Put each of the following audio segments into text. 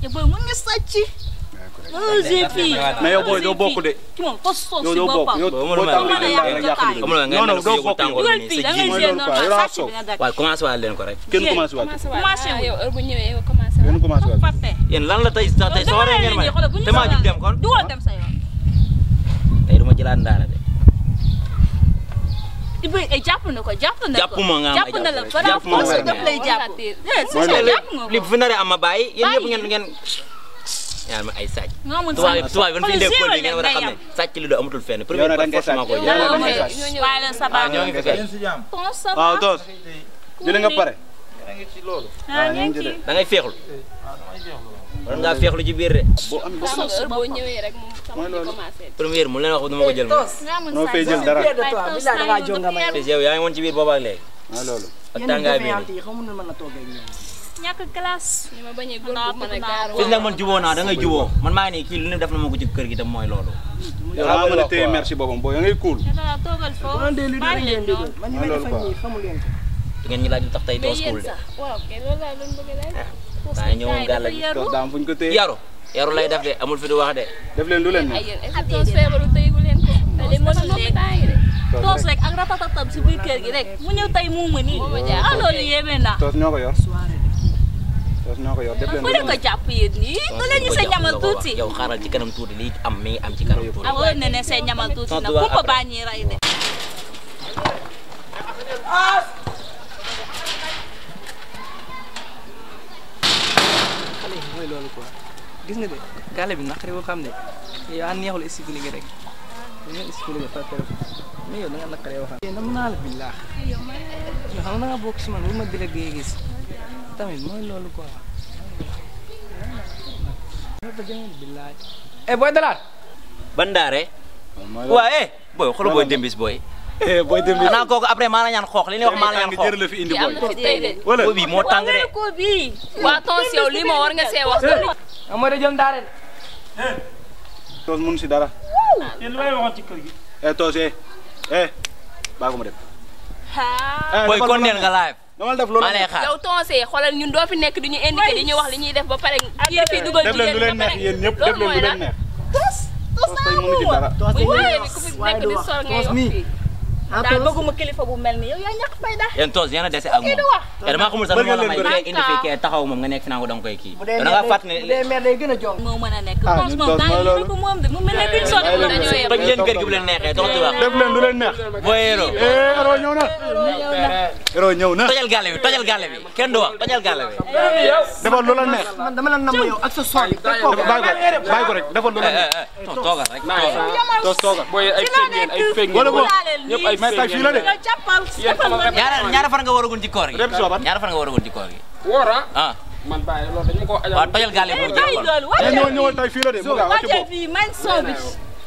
te booy mun nga sàcc. mais yow booy doo bokk de. yow doo bokk yow boo tàmbalee non non doo bokk waaw commencé waale leen ko rek. kenn commencé waale kenn commencé waale lan la tey tey soo waree ngeen ma te maa jug dem kon. tey du ma jëlaat ndaara de. Ibe eh, jàpp na ko jàpp na ko jàpp ma nga jàpp na la balaa force daf lay jàpp li fi naree am ma bàyyi yéen ñëpp ngeen ngeen yaa ma ay sàcc tubaab tubaab yi fi dégg ko ngeen war a xam ne sàcc li do amatul fenn premier force ma ko waaw toos jëlee nga pare da ngay féexlu ah, man ngaa féexlu ci biir de. boo am boo ñëwee rek moom sama bi commencé. première mu leen wax du ma ko jël moom. noo fay jël dara yow yaa ngi woon ci biir boobu ak léegi. waaw loolu. ak tàngaay bi ñàkk classe. ni ma bañee góor bu mën a gaaroo. fii nag man juboo naa da ngay juboo man maa ngi nii kii lu ne def na ma ko ci kër gi tam mooy loolu. yow maa mën a téye merci boppam boo yaa ngay kuul. toogal foofu bàyyi leen noonu man li may defal ñii xamu leen ko. ngeen ñu laaj lu tax tey doo school de. waaw kay loolu laa doon bëgg laaj. Ah. waaye ñëwoon gàlla gi toog daam fu ñu ko téye yaru yaru lay def de amul fi di wax de. def leen lu leen toos rek ak ratatatam si biir kër gi rek mu ñëw tey mu ma nii ah loolu yéeme na. toos ñoo ko yor toos ñoo ko yor def leen lu ko jàpp yéen nii du leen ñu see ñamal tuuti. yow xaaral ci kanam tuuti lii am mi ngi am ci kanam tuuti. amoon na ne see ñamal tuuti nag ku ko bàññi ray de. gis nga de gàlle bi naqari woo xam ne yow a neexul expliqué rek dañoo expliqué par mais yow da nga naqari woo xam ne. dama naa la billaax yoo xam ne da nga bokk si man bu ma di la gëy gis tamit mooy loolu quoi. eh booy dalaat. bandaare. waaw eh booy xool booy dembis booy. eh booy dem xanaa kooku après maa la ñaan xoox li ñuy wax maa la ñaan xoox jërë la fi indi booy. wala booy bii moo tàng de. waa tonton yow lii moo war nga see wax. moo de jël ndaare eh. toos mënu si dara. yéen lu may waxoon ci kër gi. eh toos eh eh baa ko ma dem. Eh, booy konteen nga live. dama def loolu yow tonsé ñun doo fi nekk di ñu indiqué di ñu wax li ñuy def ba pare. Ah, kii fii dugal jigéen ñi ba pare loolu mooy lan tos tos naa ko woon waaye ku daal bëgguma kilifa bu mel ni yow yaa ñàkk fayda yéen toos yéen a dese ak moom damaa xamul sax la may ngay indi kee taxaw moom nga nekk fi naan ko da kii da nga fàtt ne maire gën a jox mën a nekk toos moom daal ñu ko moom de mu mel ne eh, duñ bu leen neexee tox di wax def leen du leen neex boyeero Ero ñëw na tojal gàlle bi tojal gàlle bi kenn du wax tojal gàlle bi. dafa lu la neex man dama la namm yow ak sa soxla. bàyyi ko rek dafa lu la neex. Eh, eh, eh, toogal rek toogal toogal. booy ay feeñ ngeen ay feeñ ngeen ñëpp ay feeñ ngeen. ñaara ñaara fan nga waragul ci koor gi. ñaara fan nga waragul ci koor gi. wóora ah. man bàyyi loolu dañu ko. waaw tojal gàlle bi mu jeexoon. ñëwal ñëwal tey fii la de. bu gaaw wàcce fii man soo bi.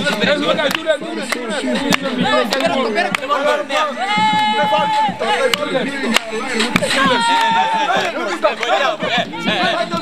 Ayuda, ayuda, ayuda. Ayuda, ayuda.